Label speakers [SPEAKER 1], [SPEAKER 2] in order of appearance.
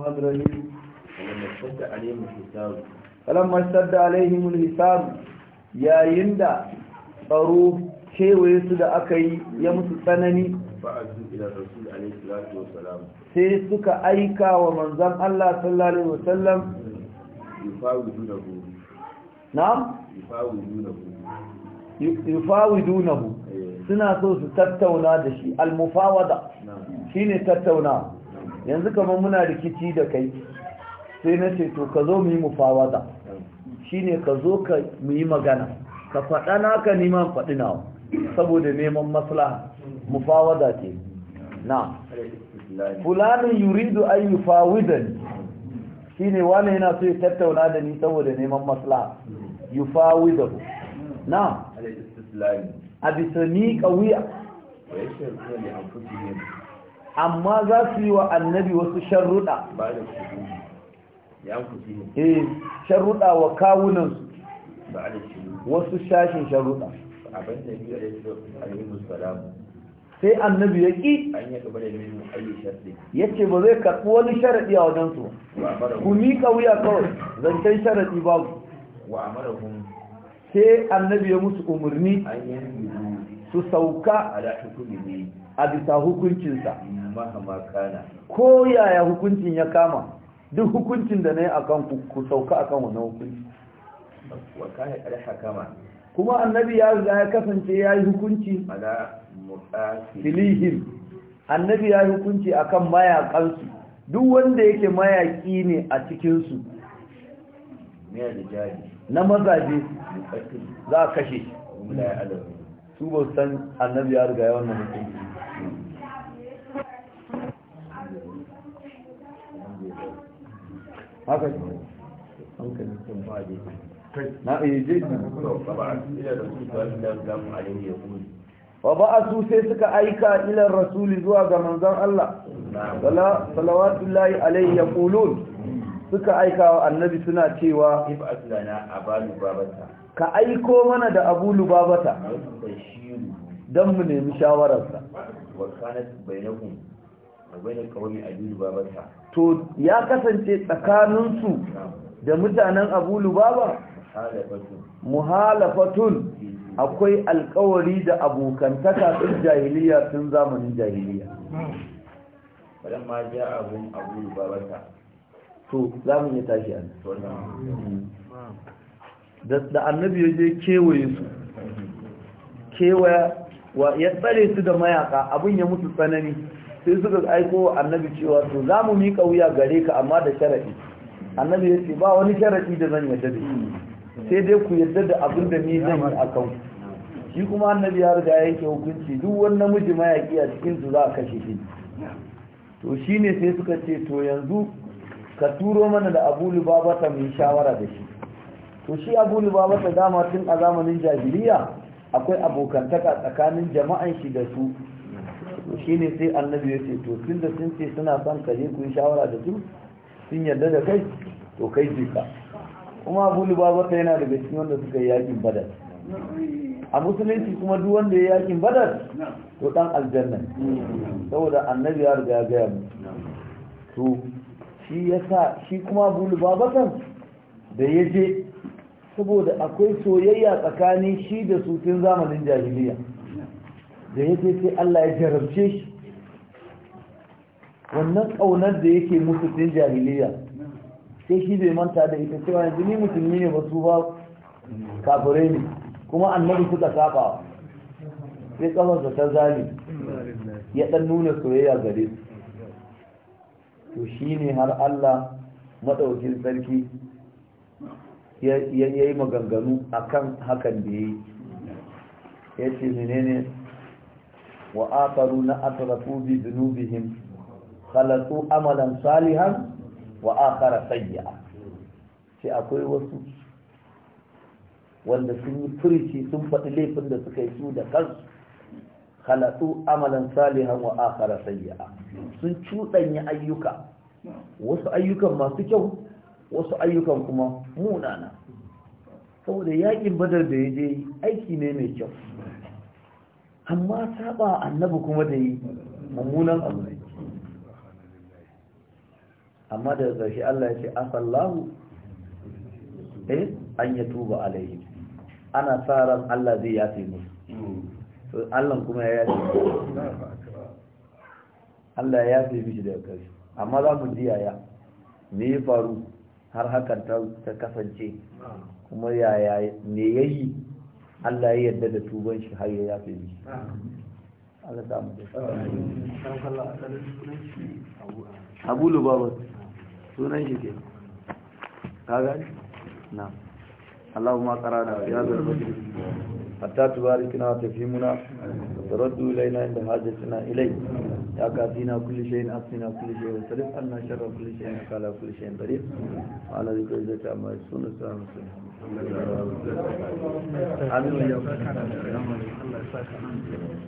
[SPEAKER 1] الرحمن الرحيم فلما اشتد عليهم الحساب فلما اشتد عليهم الحساب يا يندا tsaro kewaye da aka yi ya musu tsanani sai suka aika wa manzan Allah sallallahu alaihi wasallam na'am yufawidunahu suna so su tattauna da shi almufawada shine tattauna yanzu kamar muna rikici da kai sai na ce to ka zo mu yi mufawaza ne ka zo ka mu yi magana ka faɗa naka neman faɗi nawa saboda neman maslaha mufawaza ce na fulanin yuridu an shi ne wani yana so ya tattauna da ni saboda neman maslaha yufawidahu na a bisa ni amma za su yi wa annabi wasu sharruɗa eh sharruɗa wa kawunansu wasu shashin sharruɗa sai annabi ya ƙi ya ce ba zai karɓi wani sharaɗi a wajensu ku miƙa wuya kawai zancen sharaɗi babu sai annabi ya musu umarni su sauka a bisa hukuncinsa hmm. mahama kana ko yaya hukuncin ya kama duk hukuncin da na yi a ku ku sauka kan wani hukunci wa kana karha kama kuma annabi ya riga ya kasance ya yi hukunci ala mutasilihim annabi ya yi hukunci akan mayaƙansu. duk wanda yake mayaki ne a cikin su na mazaje za a kashe su ba san annabi ya riga wannan hukunci haka hankali na eh, sai suka aika ila rasuli zuwa ga manzan Allah salawatullahi alaihi yaqulun suka aika wa annabi suna cewa ka aiko mana da abu lubabata dan mu nemi shawararsa to ya kasance tsakaninsu da mutanen abu lubaba muhalafatun akwai alkawari da abokantaka ɗin jahiliya sun zamanin jahiliya wadanda ma ja abun abu ta to zamun ya tashi an mm. da annabi ya je kewaye su kewaya ya tsare su da mayaka abin ya mutu tsanani sai suka aiko annabi cewa to za mu miƙa wuya gare ka amma da sharaɗi annabi ya ce ba wani sharaɗi da zan yadda da shi sai dai ku yadda da abin da ni zan yi a kan shi kuma annabi ya riga yake hukunci duk wani namiji mayaƙi a cikin su za a kashe shi to shine sai suka ce to yanzu ka turo mana da abu ta mu shawara da shi to shi abu ta dama tun a zamanin jahiliya akwai abokantaka tsakanin jama'an shi da su to ne sai annabi ya ce to tun da sun ce suna son ka je ku yi shawara da su sun yarda da kai to kai je ka kuma abu lubaba yana daga cikin wanda suka yi yakin badar a musulunci kuma duk wanda ya yakin badar to dan aljanna saboda annabi ya riga ya gaya mu to shi sa shi kuma abu lubaba da ya je saboda akwai soyayya tsakanin shi da su tun zamanin jahiliya da ya ce sai Allah ya jarabce shi wannan ƙaunar da yake musu din jahiliya sai shi bai manta da ita cewa yanzu ni musulmi ne ba su ba kafirai ne kuma annabi suka saba sai kafarsa ta zali ya ɗan nuna soyayya gare su to shi ne har Allah maɗaukin sarki ya yi maganganu akan hakan da ya yi ya ce menene wa na atrafu bi dhunubihim khalatu amalan salihan wa akhara sayyi'a akwai wasu wanda sun yi furici sun faɗi laifin da suka yi su da kansu khalatu amalan salihan wa akhara sayyi'a sun cuɗanya ayyuka wasu ayyukan masu kyau wasu ayyukan kuma munana saboda yakin badar da ya je aiki ne mai kyau amma saba annabi kuma da yi mummunan abu ne amma da zarshe Allah ya ce asallahu eh an ya tuba alaihi ana sa ran Allah zai yafe musu Allah kuma ya yafe Allah ya yafe mishi da ƙarshe amma za mu ji yaya me ya faru har hakan ta kasance kuma yaya me yayi Allah ya yarda da tuban shi har ya yafe mishi Allah ta mu da. Abu Lubaba sunan shi ke ka gani na Allahumma qarana ya zarfa حتى تباركنا وتفهمنا وترد إلينا عند حاجتنا إليه يا كافينا كل شيء أعطينا كل شيء وصرف عنا شر كل شيء إنك على كل شيء قدير وعلى ذكر ذلك عما يسون السلام عليكم Amin ya